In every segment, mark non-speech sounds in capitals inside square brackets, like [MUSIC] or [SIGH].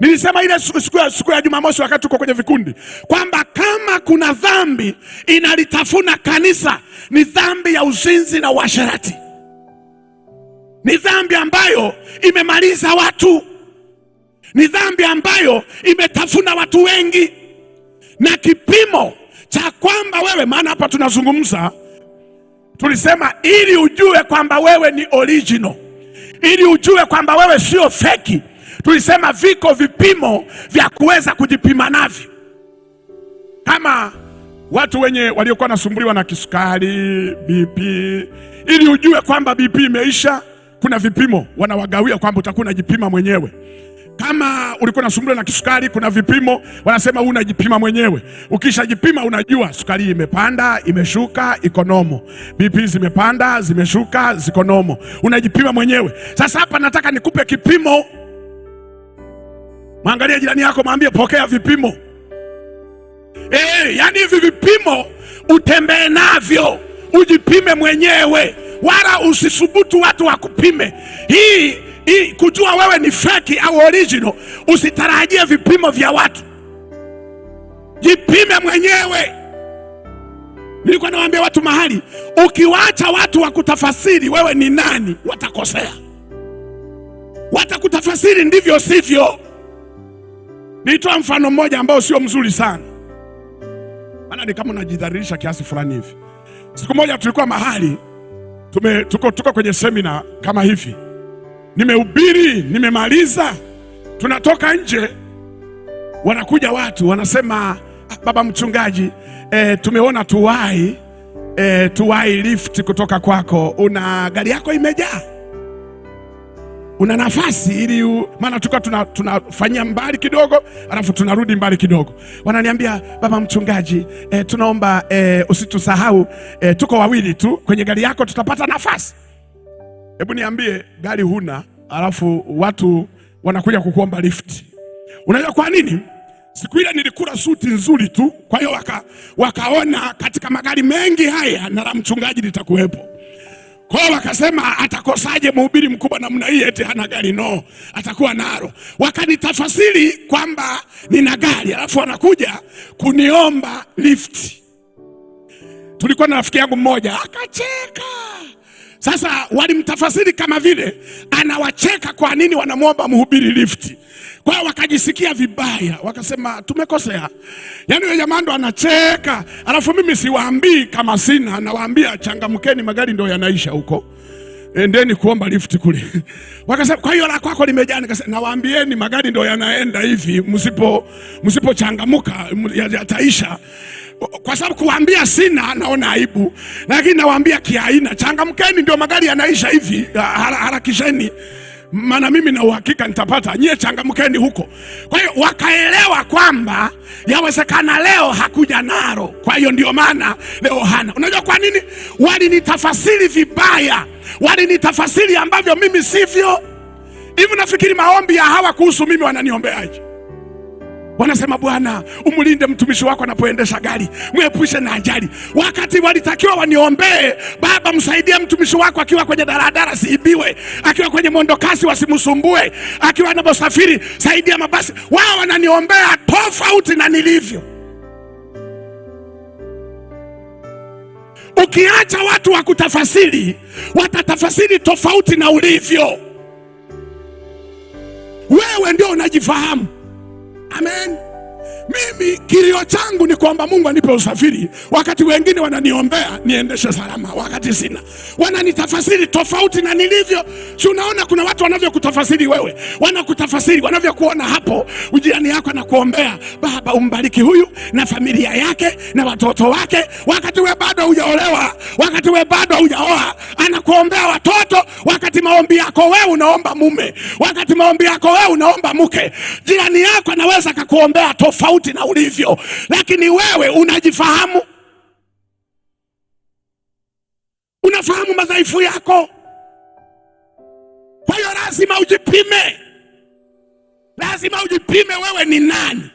Nilisema ile siku ya siku ya Jumamosi wakati tuko kwenye vikundi kwamba kama kuna dhambi inalitafuna kanisa ni dhambi ya uzinzi na uasherati. Ni dhambi ambayo imemaliza watu, ni dhambi ambayo imetafuna watu wengi, na kipimo cha kwamba wewe, maana hapa tunazungumza, tulisema ili ujue kwamba wewe ni original, ili ujue kwamba wewe sio feki tulisema viko vipimo vya kuweza kujipima navyo, kama watu wenye waliokuwa wanasumbuliwa na kisukari BP, ili ujue kwamba BP imeisha, kuna vipimo wanawagawia kwamba utakuwa unajipima mwenyewe kama ulikuwa unasumbuliwa na kisukari, kuna vipimo wanasema wewe unajipima mwenyewe. Ukishajipima unajua sukari imepanda, imeshuka, iko nomo, BP zimepanda, zimeshuka, ziko nomo, unajipima mwenyewe. Sasa hapa nataka nikupe kipimo Mwangalie jirani yako, mwambie pokea vipimo. E, yaani hivi vipimo utembee navyo, ujipime mwenyewe, wala usisubutu watu wakupime. Hii hii kujua wewe ni feki au original, usitarajie vipimo vya watu, jipime mwenyewe. Nilikuwa nawaambia watu mahali, ukiwaacha watu wakutafasiri wewe ni nani, watakosea, watakutafasiri ndivyo sivyo. Nitoa mfano mmoja ambao sio mzuri sana, maana ni kama unajidhalilisha kiasi fulani hivi. Siku moja tulikuwa mahali tume, tuko, tuko kwenye semina kama hivi, nimehubiri nimemaliza, tunatoka nje, wanakuja watu wanasema, ah, baba mchungaji e, tumeona tuwai e, tuwai lift kutoka kwako, una gari yako imejaa una nafasi ili u... maana tuka tunafanyia tuna mbali kidogo, alafu tunarudi mbali kidogo. Wananiambia baba mchungaji, e, tunaomba e, usitusahau e, tuko wawili tu kwenye gari yako, tutapata nafasi? Hebu niambie, gari huna, alafu watu wanakuja kukuomba lift. Unajua kwa nini? Siku ile nilikula suti nzuri tu, kwa hiyo waka, wakaona katika magari mengi haya na la mchungaji litakuwepo Kwao wakasema atakosaje mhubiri mkubwa namna hii eti hana gari? No, atakuwa nalo. Wakanitafasiri kwamba nina gari, alafu wanakuja kuniomba lifti. Tulikuwa na rafiki yangu mmoja akacheka. Sasa walimtafasiri kama vile anawacheka, kwa nini wanamwomba mhubiri lifti? Kwa wakajisikia vibaya, wakasema tumekosea. Yaani yule jamaa ndo anacheka, alafu mimi siwaambii kama sina, nawaambia changamkeni, magari ndio yanaisha huko, endeni kuomba lift kule. [LAUGHS] Wakasema kwa hiyo la kwako limejaa. Nikasema nawaambieni, magari ndio yanaenda hivi, msipo msipochangamuka yataisha kwa sababu kuambia sina naona aibu, lakini nawaambia kiaina, changamkeni, ndio magari yanaisha hivi, harakisheni. hara maana mimi na uhakika nitapata, nyie changamkeni huko. Kwa hiyo wakaelewa kwamba yawezekana leo hakuja naro kwa hiyo ndio maana leo hana. Unajua kwa nini? Walinitafasiri vibaya, walinitafasiri ambavyo mimi sivyo. Hivi nafikiri maombi ya hawa kuhusu mimi wananiombeaje? Wanasema Bwana, umlinde mtumishi wako anapoendesha gari, mwepushe na ajali. Wakati walitakiwa waniombee, Baba, msaidie mtumishi wako akiwa kwenye daladala siibiwe, akiwa kwenye mwendokasi wasimsumbue, akiwa anaposafiri saidia mabasi. Wao wananiombea tofauti na nilivyo. Ukiacha watu wa kutafasiri, watatafasiri tofauti na ulivyo wewe. Ndio unajifahamu Amen. Mimi kilio changu ni kwamba Mungu anipe usafiri, wakati wengine wananiombea niendeshe salama, wakati sina, wananitafasiri tofauti na nilivyo. Si unaona kuna watu wanavyokutafasiri wewe, wanakutafasiri wanavyokuona hapo. Jirani yako anakuombea, Baba umbariki huyu na familia yake na watoto wake, wakati we bado hujaolewa, wakati we bado hujaoa, Anakuombea watoto, wakati maombi yako wewe unaomba mume, wakati maombi yako wewe unaomba mke. Jirani yako anaweza akakuombea tofauti tofauti na ulivyo, lakini wewe unajifahamu, unafahamu madhaifu yako. Kwa hiyo lazima ujipime, lazima ujipime wewe ni nani,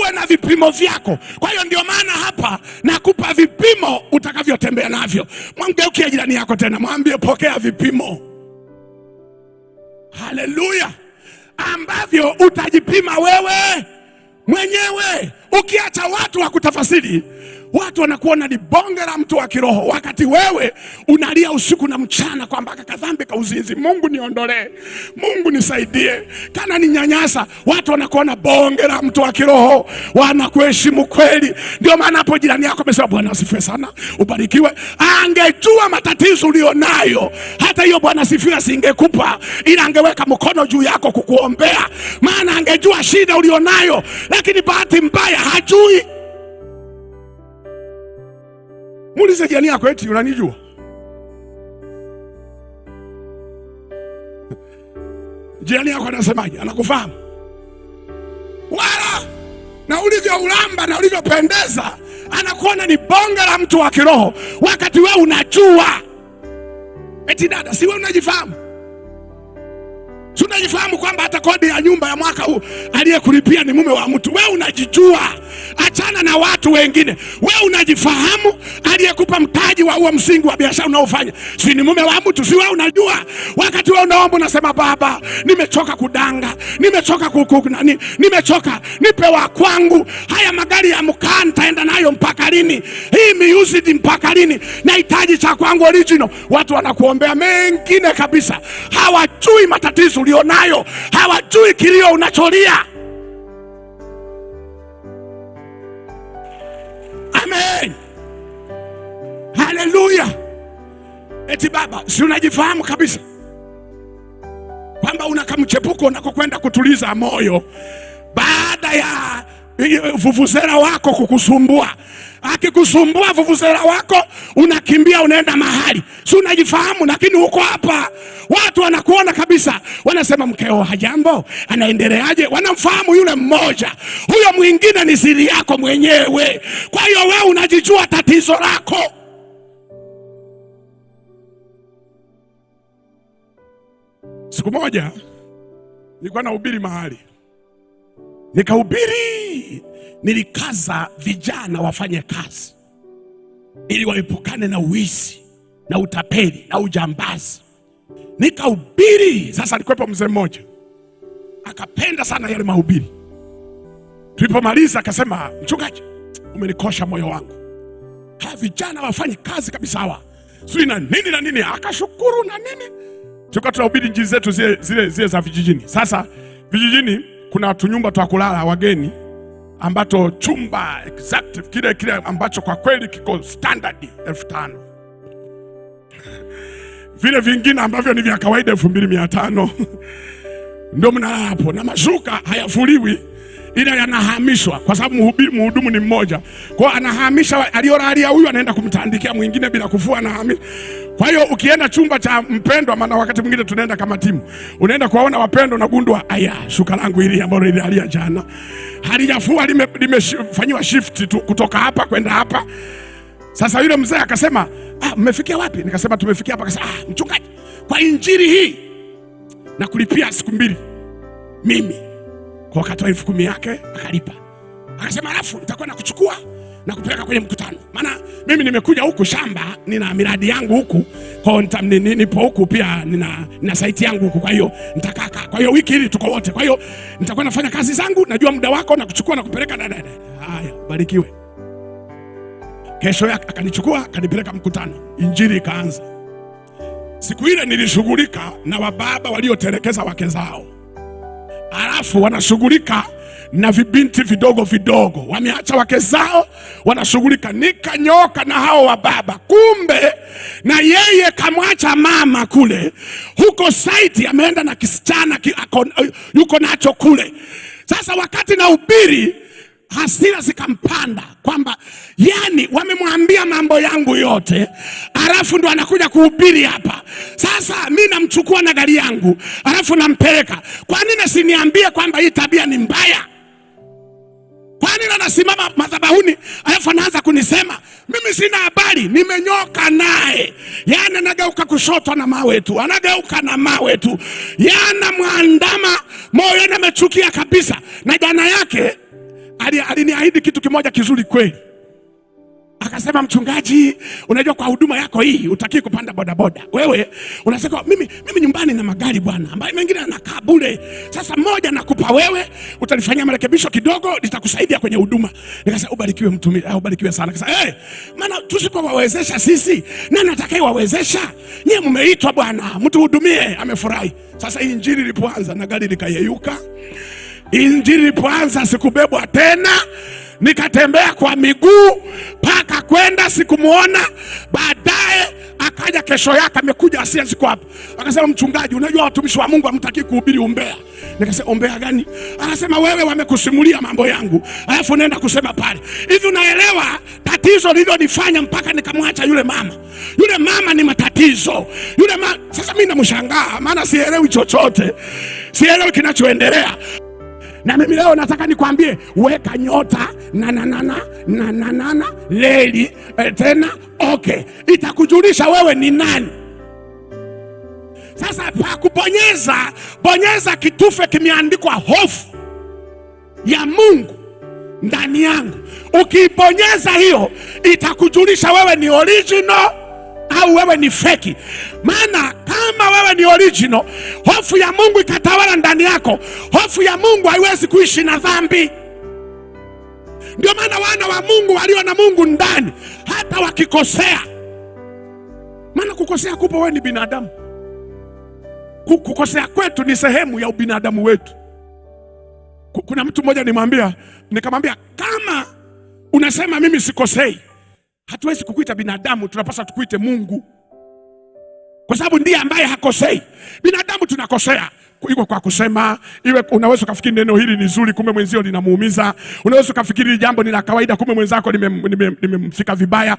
uwe na vipimo vyako. Kwa hiyo ndio maana hapa nakupa vipimo utakavyotembea navyo. Mwamgeukie jirani yako tena, mwambie pokea vipimo. Haleluya, ambavyo utajipima wewe mwenyewe, ukiacha watu wa watu wanakuona ni bonge la mtu wa kiroho, wakati wewe unalia usiku na mchana kwamba kadhambi ka uzinzi, Mungu niondolee, Mungu nisaidie, kana ni nyanyasa. Watu wanakuona bonge la mtu wa kiroho, wanakuheshimu kweli. Ndio maana hapo jirani yako amesema, Bwana asifiwe sana, ubarikiwe. Angejua matatizo ulionayo, hata hiyo Bwana asifiwe singekupa, ila angeweka mkono juu yako kukuombea, maana angejua shida ulionayo, lakini bahati mbaya hajui. Muulize jirani yako eti unanijua? [LAUGHS] Jirani yako anasemaje? Anakufahamu? Wala na ulivyoulamba na ulivyopendeza anakuona ni bonge la mtu wa kiroho, wakati wewe unajua. Eti dada, si wewe unajifahamu? Si unajifahamu kwamba hata kodi ya nyumba ya mwaka huu aliyekulipia ni mume wa mtu? Wewe unajijua achana na watu wengine. We unajifahamu, aliyekupa mtaji wa huo msingi wa biashara unaofanya si ni mume wa mtu? Si we unajua? Wakati we unaomba unasema, Baba, nimechoka kudanga, nimechoka kukunani, nimechoka nipe wa kwangu. Haya magari ya mkaa nitaenda nayo mpaka lini? Hii miusidi mpaka lini? Nahitaji cha kwangu original. Watu wanakuombea mengine kabisa, hawajui matatizo ulionayo, hawajui kilio unacholia. Haleluya! Eti baba, si unajifahamu kabisa kwamba una kamchepuko unakokwenda kutuliza moyo baada ya vuvuzela wako kukusumbua. Akikusumbua vuvuzela wako, unakimbia unaenda mahali, si unajifahamu? Lakini huko hapa watu wanakuona kabisa, wanasema mkeo hajambo, anaendeleaje? Wanamfahamu yule mmoja, huyo mwingine ni siri yako mwenyewe. Kwa hiyo wewe unajijua tatizo lako Siku moja nilikuwa nahubiri mahali, nikahubiri, nilikaza vijana wafanye kazi ili waepukane na uizi na utapeli na ujambazi. Nikahubiri. Sasa alikuwepo mzee mmoja akapenda sana yale mahubiri. Tulipomaliza akasema, mchungaji, umenikosha moyo wangu, haya vijana wafanye kazi kabisa hawa sijui na nini na nini, akashukuru na nini Tulikuwa tunahubiri injili zetu zile, zile, zile za vijijini. Sasa vijijini kuna tunyumba twa kulala wageni ambato chumba exact kile kile ambacho kwa kweli kiko standard elfu tano [LAUGHS] vile vingine ambavyo ni vya kawaida elfu mbili mia tano [LAUGHS] ndio mnalala hapo, na mashuka hayafuliwi, ila yanahamishwa kwa sababu mhubiri mhudumu ni mmoja kwao, anahamisha aliyolalia huyu, anaenda kumtandikia mwingine bila kufua, anahamisha kwa hiyo ukienda chumba cha mpendwa, maana wakati mwingine tunaenda kama timu, unaenda kuwaona wapendwa, unagundua aya, shuka langu hili ambalo lilialia jana halijafua, limefanyiwa lime shift tu, kutoka hapa kwenda hapa. Sasa yule mzee akasema, ah, mmefikia wapi? Nikasema tumefikia hapa. Akasema, ah, mchungaji, kwa injili hii na kulipia siku mbili mimi kwa, akatoa elfu kumi yake akalipa, akasema alafu nitakwenda kuchukua na kupeleka kwenye mkutano. Maana mimi nimekuja huku shamba, nina miradi yangu huku kwao, nipo huku pia nina, nina saiti yangu huku, kwa hiyo nitakaa. Kwa hiyo wiki hili tuko wote, kwa hiyo nitakuwa nafanya kazi zangu, najua muda wako na kuchukua na kupeleka. Dada haya, barikiwe. Kesho yake akanichukua akanipeleka mkutano, injili ikaanza. Siku ile nilishughulika na wababa waliotelekeza wake zao, alafu wanashughulika na vibinti vidogo vidogo, wameacha wake zao, wanashughulika nikanyoka na hao wa baba. Kumbe na yeye kamwacha mama kule huko saiti, ameenda na kisichana ki, yuko nacho kule. Sasa wakati na ubiri hasira zikampanda kwamba yani, wamemwambia mambo yangu yote, alafu ndo anakuja kuhubiri hapa. Sasa mi namchukua na gari yangu, alafu nampeleka. Kwa nini siniambie kwamba hii tabia ni mbaya? Kwani nini anasimama madhabahuni alafu anaanza kunisema mimi sina habari, nimenyoka naye? Yaani anageuka kushoto na mawe tu, anageuka na mawe tu, yana yaani mwandama moyoni, amechukia kabisa. Na jana yake aliniahidi kitu kimoja kizuri kweli Akasema mchungaji, unajua kwa huduma yako hii utakii kupanda bodaboda wewe. Unasema mimi, mimi nyumbani na magari bwana, ambayo mengine yanakaa bure. Sasa moja nakupa wewe, utalifanyia marekebisho kidogo, litakusaidia kwenye huduma. Nikasema ubarikiwe mtume, eh, au ubarikiwe sana. Nikasema eh, maana tusipowawezesha sisi nani atakayewawezesha? Nyie mmeitwa bwana, mtuhudumie. Amefurahi. Sasa hii injili ilipoanza na gari likayeyuka, injili ilipoanza sikubebwa tena nikatembea kwa miguu mpaka kwenda, sikumwona. Baadaye akaja kesho yake, amekuja Asia, kwa hapa. Akasema, mchungaji, unajua watumishi wa Mungu hamtaki kuhubiri umbea. Nikasema, umbea gani? Akasema, wewe wamekusimulia mambo yangu, alafu nenda kusema pale hivi. Unaelewa tatizo lililonifanya mpaka nikamwacha yule mama? Yule mama ni matatizo yule ma... Sasa mimi namshangaa, maana sielewi chochote, sielewi kinachoendelea. Na mimi leo nataka nikwambie, weka nyota na nananana leli e, tena okay, itakujulisha wewe ni nani. Sasa pa kubonyeza bonyeza kitufe kimeandikwa hofu ya Mungu ndani yangu. Ukiibonyeza hiyo itakujulisha wewe ni original au wewe ni feki. Maana kama wewe ni original, hofu ya Mungu ikatawala ndani yako, hofu ya Mungu haiwezi kuishi na dhambi. Ndio maana wana wa Mungu walio na Mungu ndani hata wakikosea, maana kukosea kupo, wewe ni binadamu, kukosea kwetu ni sehemu ya ubinadamu wetu. Kuna mtu mmoja nimwambia, nikamwambia kama unasema mimi sikosei Hatuwezi kukuita binadamu, tunapaswa tukuite Mungu kwa sababu ndiye ambaye hakosei. Binadamu tunakosea, iwe kwa kusema, iwe unaweza ukafikiri neno hili ni zuri, kumbe mwenzio linamuumiza. Unaweza ukafikiri jambo ni la kawaida, kumbe mwenzako limemfika vibaya.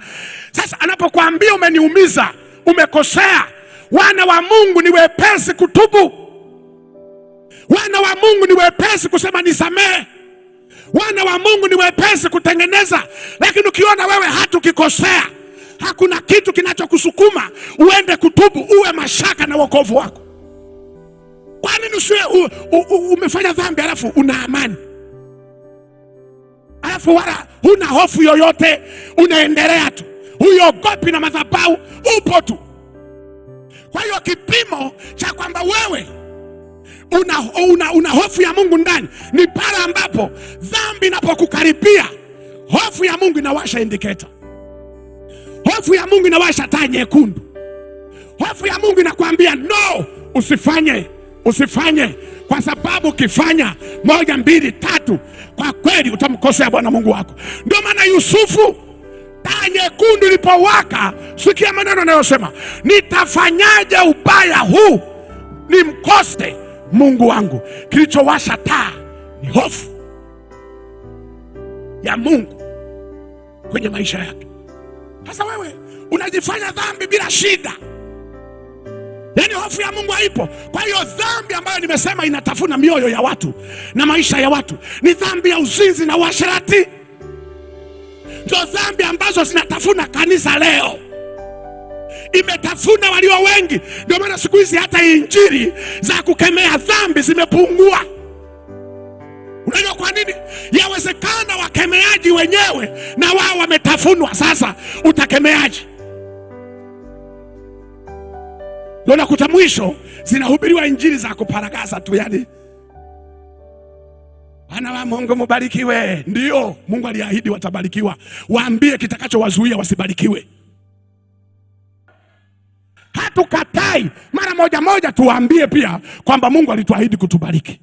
Sasa anapokuambia umeniumiza, umekosea, wana wa Mungu ni wepesi kutubu, wana wa Mungu ni wepesi kusema nisamehe. Wana wa Mungu ni wepesi kutengeneza, lakini ukiona wewe hata ukikosea, hakuna kitu kinachokusukuma uende kutubu, uwe mashaka na wokovu wako. Kwa nini usiwe umefanya dhambi alafu una amani, alafu wala huna hofu yoyote, unaendelea tu, huiogopi na madhabahu, upo tu. Kwa hiyo kipimo cha kwamba wewe una, una, una hofu ya Mungu ndani, ni pale ambapo dhambi inapokukaribia, hofu ya Mungu inawasha indiketa. Hofu ya Mungu inawasha taa nyekundu. Hofu ya Mungu inakwambia no, usifanye, usifanye kwa sababu ukifanya moja mbili tatu, kwa kweli utamkosea Bwana Mungu wako. Ndio maana Yusufu, taa nyekundu ilipowaka, sikia maneno anayosema, nitafanyaje ubaya huu ni mkoste Mungu wangu, kilichowasha taa ni hofu ya Mungu kwenye maisha yake. Sasa wewe unajifanya dhambi bila shida, yaani hofu ya Mungu haipo. Kwa hiyo dhambi ambayo nimesema inatafuna mioyo ya watu na maisha ya watu ni dhambi ya uzinzi na uasherati, ndio dhambi ambazo zinatafuna kanisa leo imetafuna walio wengi. Ndio maana siku hizi hata injili za kukemea dhambi zimepungua. Unajua kwa nini? Yawezekana wakemeaji wenyewe na wao wametafunwa. Sasa utakemeaje? Ndio nakuta mwisho zinahubiriwa injili za kuparagaza tu, yani Wana wa Mungu mubarikiwe. Ndio Mungu aliahidi watabarikiwa, waambie kitakachowazuia wasibarikiwe hatukatai. Mara moja moja tuwaambie pia kwamba Mungu alituahidi kutubariki.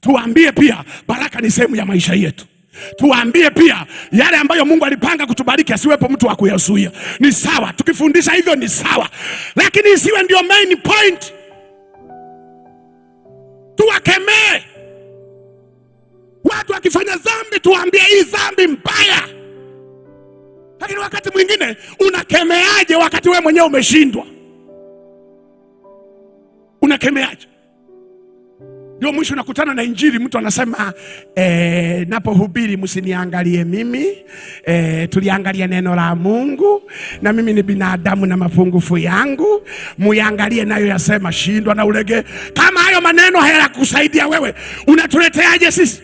Tuwaambie pia baraka ni sehemu ya maisha yetu. Tuwaambie pia yale ambayo Mungu alipanga kutubariki, asiwepo mtu wa kuyazuia. Ni sawa, tukifundisha hivyo ni sawa, lakini isiwe ndio main point. Tuwakemee watu wakifanya dhambi, tuwaambie hii dhambi mbaya lakini wakati mwingine unakemeaje wakati wewe mwenyewe umeshindwa? Unakemeaje? Ndio mwisho nakutana na Injili, mtu anasema e, napohubiri msiniangalie mimi e, eh, tuliangalia neno la Mungu, na mimi ni binadamu na mapungufu yangu, muyangalie nayo yasema shindwa na ulege. Kama hayo maneno hayakusaidia wewe, unatuleteaje sisi?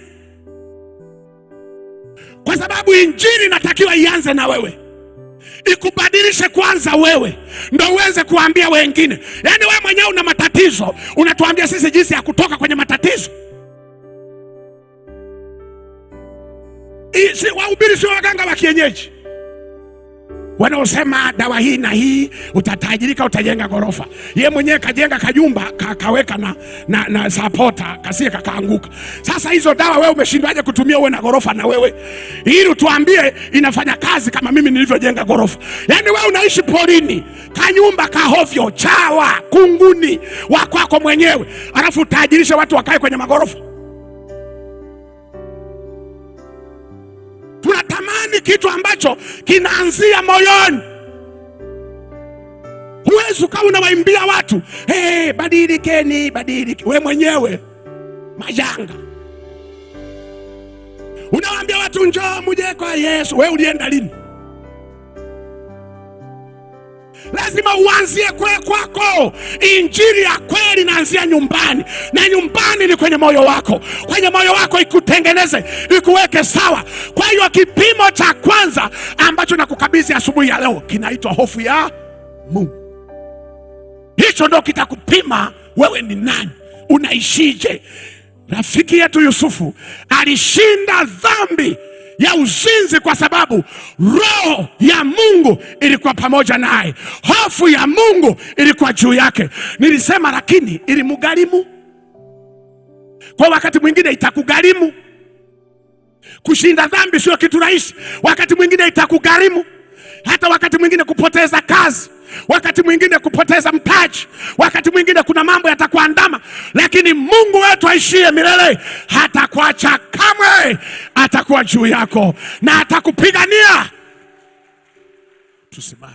kwa sababu injili inatakiwa ianze na wewe, ikubadilishe kwanza wewe, ndo uweze kuambia wengine. Yaani wewe mwenyewe una matatizo, unatuambia sisi jinsi ya kutoka kwenye matatizo. Si wahubiri, sio waganga wa kienyeji wanaosema dawa hii na hii utatajirika, utajenga ghorofa. Ye mwenyewe kajenga kajumba kakaweka na, na, na sapota kasie kakaanguka. Sasa hizo dawa wewe umeshindwaje kutumia uwe na ghorofa? Na wewe ili tuambie inafanya kazi kama mimi nilivyojenga ghorofa? Yaani wewe unaishi porini, kanyumba kahovyo, chawa, kunguni, wakwako mwenyewe, alafu utajirisha watu wakae kwenye maghorofa. kitu ambacho kinaanzia moyoni. Huwezi ukawa unawaimbia watu hey, badilikeni, badilike we mwenyewe majanga. Unawaambia watu njoo muje kwa Yesu, we ulienda lini? lazima uanzie kwe kwako. Injili ya kweli inaanzia nyumbani, na nyumbani ni kwenye moyo wako. Kwenye moyo wako ikutengeneze, ikuweke sawa. Kwa hiyo kipimo cha kwanza ambacho nakukabidhi asubuhi ya leo kinaitwa hofu ya Mungu. Hicho ndo kitakupima wewe ni nani, unaishije. Rafiki yetu Yusufu alishinda dhambi ya uzinzi, kwa sababu roho ya Mungu ilikuwa pamoja naye, hofu ya Mungu ilikuwa juu yake. Nilisema lakini ilimugharimu Kwa wakati mwingine itakugharimu. Kushinda dhambi sio kitu rahisi, wakati mwingine itakugharimu hata wakati mwingine kupoteza kazi, wakati mwingine kupoteza mtaji, wakati mwingine kuna mambo yatakuandama, lakini Mungu wetu aishie milele hatakuacha kamwe, atakuwa juu yako na atakupigania. Tusimame.